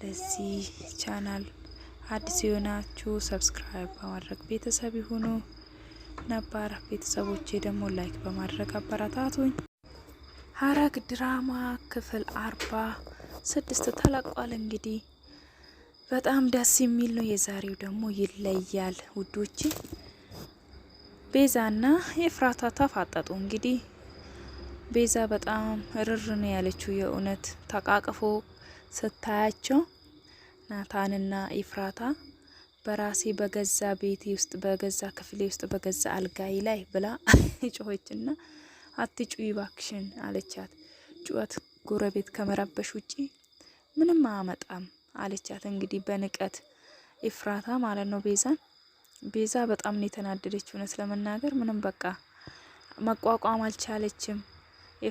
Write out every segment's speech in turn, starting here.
ለዚህ ቻናል አዲስ የሆናችሁ ሰብስክራይብ በማድረግ ቤተሰብ ይሁኑ። ነባር ቤተሰቦቼ ደግሞ ላይክ በማድረግ አበረታቱኝ። ሐረግ ድራማ ክፍል አርባ ስድስት ተለቋል። እንግዲህ በጣም ደስ የሚል ነው። የዛሬው ደግሞ ይለያል ውዶች። ቤዛና ኤፍራታ ተፋጠጡ። እንግዲህ ቤዛ በጣም ርር ነው ያለችው። የእውነት ተቃቅፎ ስታያቸው ናታንና ኢፍራታ በራሴ በገዛ ቤቴ ውስጥ በገዛ ክፍሌ ውስጥ በገዛ አልጋይ ላይ ብላ ጮኸችና አትጩይ ባክሽን አለቻት። ጩኸት ጎረቤት ከመረበሽ ውጪ ምንም አያመጣም አለቻት። እንግዲህ በንቀት ኢፍራታ ማለት ነው ቤዛን። ቤዛ በጣም ነው የተናደደች። እውነት ለመናገር ምንም በቃ መቋቋም አልቻለችም።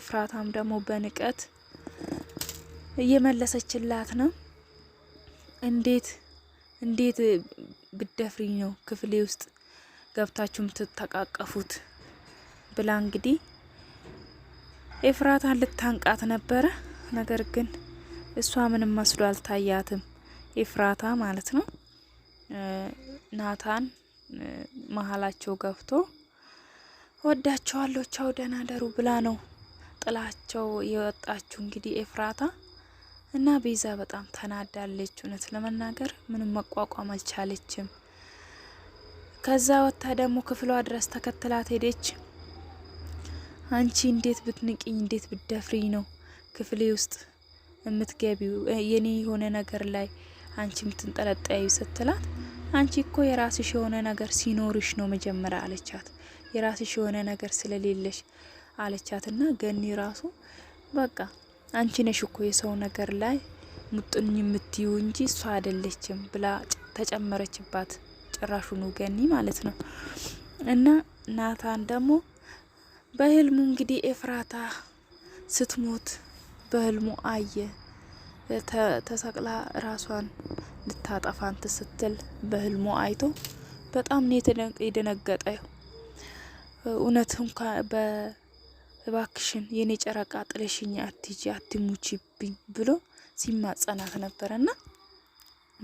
ኢፍራታም ደግሞ በንቀት እየመለሰችላት ነው። እንዴት እንዴት ብደፍሪኝ ነው ክፍሌ ውስጥ ገብታችሁም ትተቃቀፉት ብላ እንግዲህ ኤፍራታ ልታንቃት ነበረ። ነገር ግን እሷ ምንም መስሎ አልታያትም፣ ኤፍራታ ማለት ነው። ናታን መሀላቸው ገብቶ ወዳቸዋለሁ፣ ቻው፣ ደህና ደሩ ብላ ነው ጥላቸው የወጣችሁ እንግዲህ ኤፍራታ እና ቤዛ በጣም ተናዳለች። እውነት ለመናገር ምንም መቋቋም አልቻለችም። ከዛ ወጥታ ደግሞ ክፍሏ ድረስ ተከትላት ሄደች። አንቺ እንዴት ብትንቂኝ እንዴት ብደፍሪኝ ነው ክፍሌ ውስጥ የምትገቢው የኔ የሆነ ነገር ላይ አንቺ የምትንጠለጠያዩ ስትላት፣ አንቺ እኮ የራስሽ የሆነ ነገር ሲኖርሽ ነው መጀመሪያ አለቻት። የራስሽ የሆነ ነገር ስለሌለሽ አለቻትና ገኒ ራሱ በቃ አንቺ ነሽ እኮ የሰው ነገር ላይ ሙጥኝ የምትዩ እንጂ እሷ አይደለችም ብላ ተጨመረችባት። ጭራሹን ገኒ ማለት ነው። እና ናታን ደግሞ በህልሙ እንግዲህ ኤፍራታ ስትሞት በህልሙ አየ። ተሰቅላ ራሷን ልታጠፋንት ስትል በህልሙ አይቶ በጣም ነው የደነገጠ። እውነት እንኳ እባክሽን የኔ ጨረቃ ጥለሽኝ አትጂ አትሙችብኝ ብሎ ሲማጸናት ነበረና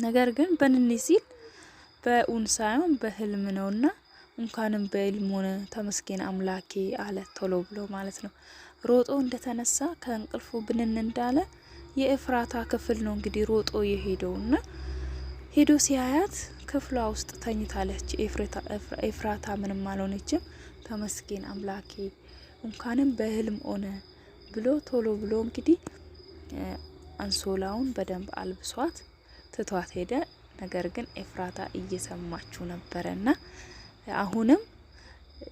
ነገር ግን በንኒ ሲል በእውን ሳይሆን በህልም ነውና እንኳንም በህልም ሆነ ተመስገን አምላኬ አለ ቶሎ ብሎ ማለት ነው። ሮጦ እንደተነሳ ከእንቅልፉ ብንን እንዳለ የእፍራታ ክፍል ነው እንግዲህ ሮጦ የሄደውና ሄዶ ሲያያት ክፍሏ ውስጥ ተኝታለች። ኤፍራታ ምንም አልሆነችም። ተመስገን አምላኬ እንኳንም በህልም ሆነ ብሎ ቶሎ ብሎ እንግዲህ አንሶላውን በደንብ አልብሷት ትቷት ሄደ። ነገር ግን ኤፍራታ እየሰማችው ነበረና አሁንም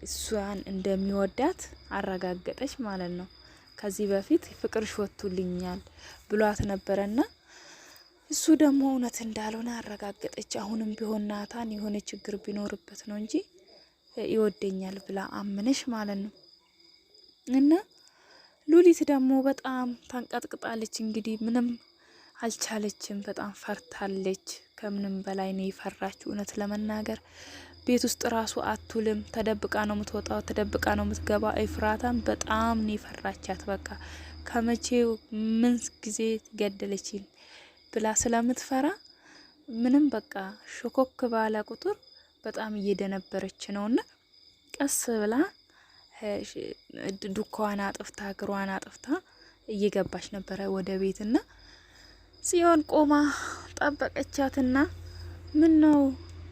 እሷን እንደሚወዳት አረጋገጠች ማለት ነው። ከዚህ በፊት ፍቅርሽ ወጥቶልኛል ብሏት ነበረና እሱ ደግሞ እውነት እንዳልሆነ አረጋገጠች። አሁንም ቢሆን ናታን የሆነ ችግር ቢኖርበት ነው እንጂ ይወደኛል ብላ አምነሽ ማለት ነው። እና ሉሊት ደግሞ በጣም ታንቀጥቅጣለች። እንግዲህ ምንም አልቻለችም። በጣም ፈርታለች። ከምንም በላይ ነው የፈራች እውነት ለመናገር ቤት ውስጥ ራሱ አትውልም። ተደብቃ ነው የምትወጣው፣ ተደብቃ ነው የምትገባ። ኤፍራታን በጣም ነው የፈራቻት። በቃ ከመቼው ምን ጊዜ ገደለች ብላ ስለምትፈራ ምንም በቃ ሾኮክ ባለ ቁጥር በጣም እየደነበረች ነውና ቀስ ብላ ዱካዋን አጥፍታ እግሯን አጥፍታ እየገባች ነበረ ወደ ቤትና ጽዮን ቆማ ጠበቀቻትና ምን ነው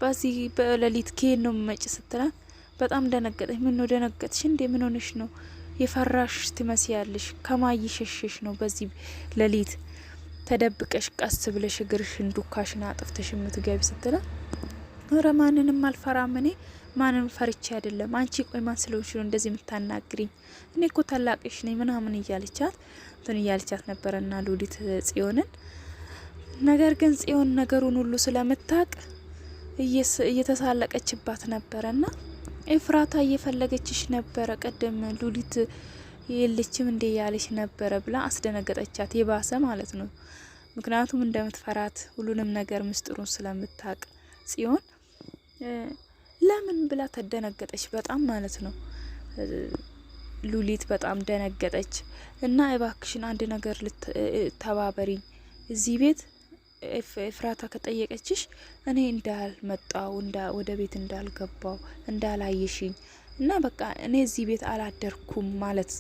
በዚህ በሌሊት ከሄድ ነው መጭ ስትላት በጣም ደነገጠች። ምን ነው ደነገጥሽ እንዴ? ምን ሆነሽ ነው? የፈራሽ ትመስያለሽ። ከማይ ሸሸሽ ነው በዚህ ሌሊት ተደብቀሽ ቀስ ብለሽ እግርሽን ዱካሽን አጥፍተሽ የምትገቢ ስትላት ኧረ ማንንም አልፈራም እኔ ማንም ፈርቼ አይደለም። አንቺ ቆይ ማን ስለሆንሽ ነው እንደዚህ የምታናግሪኝ? እኔ እኮ ታላቅሽ ነኝ ምናምን እያለቻት እንትን እያለቻት ነበረና ሉሊት ጽዮንን። ነገር ግን ጽዮን ነገሩን ሁሉ ስለምታቅ እየተሳለቀችባት ነበረና ኤፍራታ እየፈለገችሽ ነበረ፣ ቀደም ሉሊት የለችም እንዴ ያለች ነበረ ብላ አስደነገጠቻት። የባሰ ማለት ነው። ምክንያቱም እንደምትፈራት ሁሉንም ነገር ምስጢሩን ስለምታቅ ጽዮን ለምን ብላ ተደነገጠች በጣም ማለት ነው። ሉሊት በጣም ደነገጠች እና እባክሽን አንድ ነገር ልተባበሪኝ እዚህ ቤት ኤፍራታ ከጠየቀችሽ እኔ እንዳልመጣው ወደ ቤት እንዳልገባው እንዳላየሽኝ እና በቃ እኔ እዚህ ቤት አላደርኩም ማለት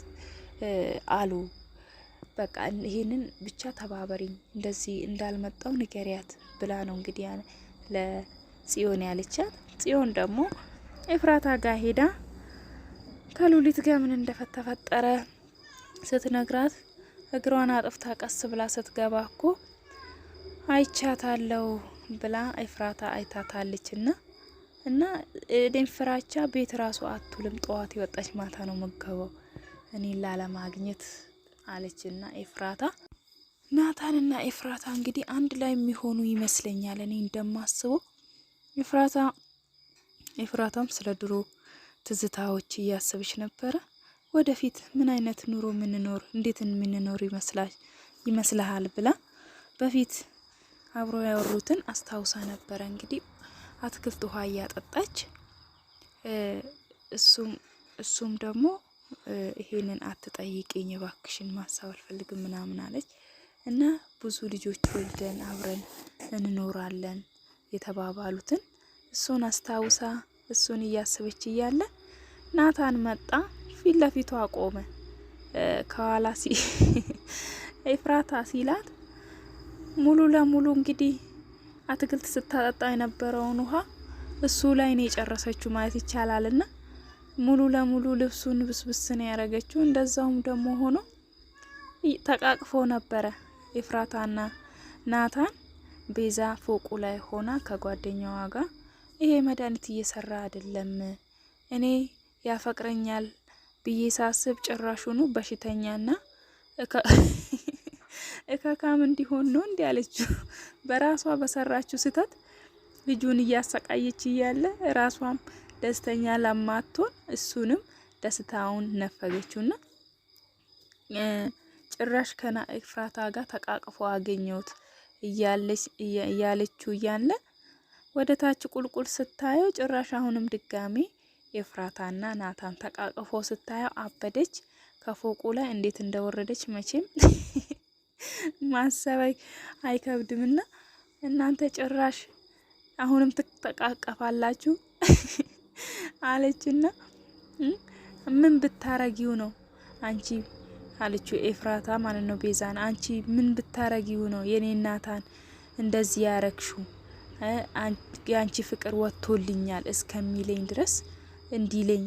አሉ። በቃ ይሄንን ብቻ ተባበሪኝ እንደዚህ እንዳልመጣው ንገሪያት ብላ ነው እንግዲህ ጽዮን ያለቻት። ጽዮን ደግሞ ኤፍራታ ጋር ሄዳ ከሉሊት ጋር ምን እንደተፈጠረ ስትነግራት እግሯን አጥፍታ ቀስ ብላ ስትገባ እኮ አይቻታለው ብላ ኤፍራታ አይታታለች። ና እና እኔን ፍራቻ ቤት ራሱ አትውልም። ጠዋት የወጣች ማታ ነው መገበው እኔን ላለማግኘት አለች። ና ኤፍራታ ናታንና ኤፍራታ እንግዲህ አንድ ላይ የሚሆኑ ይመስለኛል እኔ እንደማስበው ይፍራታ ይፍራታም ስለ ድሮ ትዝታዎች እያሰበች ነበረ። ወደፊት ምን አይነት ኑሮ ምንኖር እንዴት የምንኖር ይመስልሃል ብላ በፊት አብሮ ያወሩትን አስታውሳ ነበረ። እንግዲህ አትክልት ውሃ እያጠጣች እሱም እሱም ደግሞ ይሄንን አትጠይቅኝ ባክሽን ማሳብ አልፈልግም ምናምን አለች እና ብዙ ልጆች ወልደን አብረን እንኖራለን የተባባሉትን እሱን አስታውሳ እሱን እያሰበች እያለ ናታን መጣ። ፊት ለፊቷ ቆመ። ከኋላ ኤፍራታ ሲላት ሙሉ ለሙሉ እንግዲህ አትክልት ስታጠጣ የነበረውን ውሃ እሱ ላይ ነው የጨረሰችው ማለት ይቻላል። ና ሙሉ ለሙሉ ልብሱን ብስብስ ነው ያደረገችው። እንደዛውም ደግሞ ሆኖ ተቃቅፎ ነበረ ኤፍራታና ናታን ቤዛ ፎቁ ላይ ሆና ከጓደኛዋ ጋር ይሄ መድኃኒት እየሰራ አይደለም፣ እኔ ያፈቅረኛል ብዬ ሳስብ ጭራሹኑ በሽተኛና እከካም እንዲሆን ነው እንዲ ያለችው። በራሷ በሰራችው ስህተት ልጁን እያሰቃየች እያለ ራሷም ደስተኛ ለማትሆን እሱንም ደስታውን ነፈገችውና ጭራሽ ከና ኤፍራታ ጋር ተቃቅፎ አገኘውት። እያለችው እያለ ወደ ታች ቁልቁል ስታየው ጭራሽ አሁንም ድጋሚ ኤፍራታና ናታን ተቃቅፎ ስታየው አበደች። ከፎቁ ላይ እንዴት እንደወረደች መቼም ማሰብ አይከብድምና እናንተ ጭራሽ አሁንም ትጠቃቀፋላችሁ አለችና ምን ብታረጊው ነው አንቺ አለችው ኤፍራታ ማለት ነው ቤዛን። አንቺ ምን ብታረጊው ነው የኔ እናታን እንደዚህ ያረግሹ? የአንቺ ፍቅር ወጥቶልኛል እስከሚለኝ ድረስ እንዲለኝ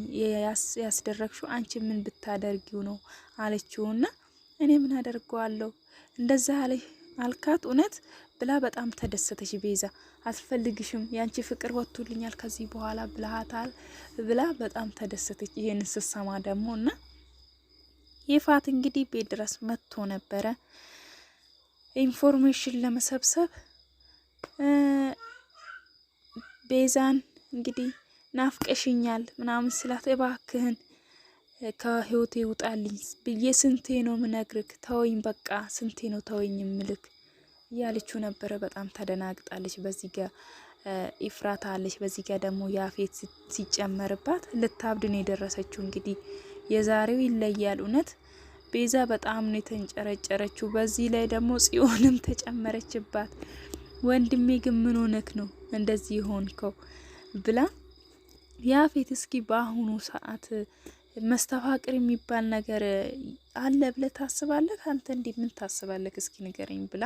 ያስደረግሹ አንቺ ምን ብታደርጊው ነው አለችውና እኔ ምን አደርገዋለሁ እንደዛ አለ አልካት እውነት ብላ በጣም ተደሰተች ቤዛ። አትፈልግሽም ያንቺ ፍቅር ወጥቶልኛል ከዚህ በኋላ ብልሃታል ብላ በጣም ተደሰተች ይሄን ስሰማ ደግሞ እና የፋት እንግዲህ ቤት ድረስ መጥቶ ነበረ ኢንፎርሜሽን ለመሰብሰብ ቤዛን እንግዲህ ናፍቀሽኛል ምናምን ስላት እባክህን ከህይወቴ ውጣልኝ ብዬ ስንቴ ነው ምነግርክ ተወኝ በቃ ስንቴ ነው ተወኝ ምልክ እያለችው ነበረ። በጣም ተደናግጣለች። በዚህ ጋ ኢፍራት አለች። በዚህ ጋ ደግሞ ያፌት ሲጨመርባት ልታብድን የደረሰችው እንግዲህ የዛሬው ይለያል። እውነት ቤዛ በጣም ነው የተንጨረጨረችው። በዚህ ላይ ደግሞ ጽዮንም ተጨመረችባት። ወንድሜ ግን ምን ሆነክ ነው እንደዚህ የሆንከው ብላ ያፌት እስኪ በአሁኑ ሰዓት መስተፋቅር የሚባል ነገር አለ ብለ ታስባለህ? አንተ እንዴ ምን ታስባለህ? እስኪ ንገረኝ ብላ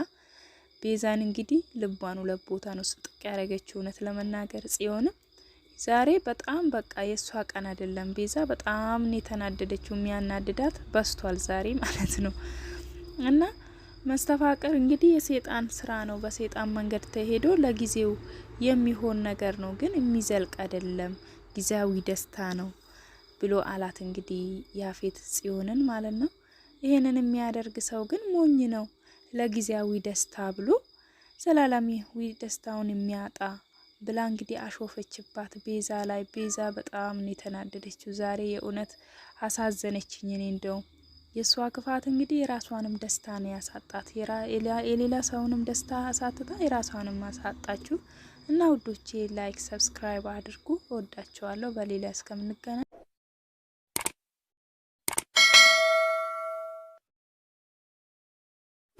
ቤዛን እንግዲህ ልቧን ሁለት ቦታ ነው ስጥቅ ያደረገችው እውነት ለመናገር ጽዮንም ዛሬ በጣም በቃ የእሷ ቀን አይደለም። ቤዛ በጣም ነው የተናደደችው። የሚያናድዳት በስቷል ዛሬ ማለት ነው። እና መስተፋቅር እንግዲህ የሴጣን ስራ ነው። በሴጣን መንገድ ተሄዶ ለጊዜው የሚሆን ነገር ነው፣ ግን የሚዘልቅ አይደለም። ጊዜያዊ ደስታ ነው ብሎ አላት። እንግዲህ ያፌት ጽዮንን ማለት ነው። ይህንን የሚያደርግ ሰው ግን ሞኝ ነው። ለጊዜያዊ ደስታ ብሎ ዘላለማዊ ደስታውን የሚያጣ ብላ እንግዲህ አሾፈችባት ቤዛ ላይ። ቤዛ በጣም ነው የተናደደችው ዛሬ የእውነት አሳዘነችኝ። እኔ እንደውም የእሷ ክፋት እንግዲህ የራሷንም ደስታ ነው ያሳጣት። የሌላ ሰውንም ደስታ አሳትታ የራሷንም አሳጣችሁ እና ውዶቼ ላይክ፣ ሰብስክራይብ አድርጉ። እወዳችኋለሁ። በሌላ እስከምንገናኝ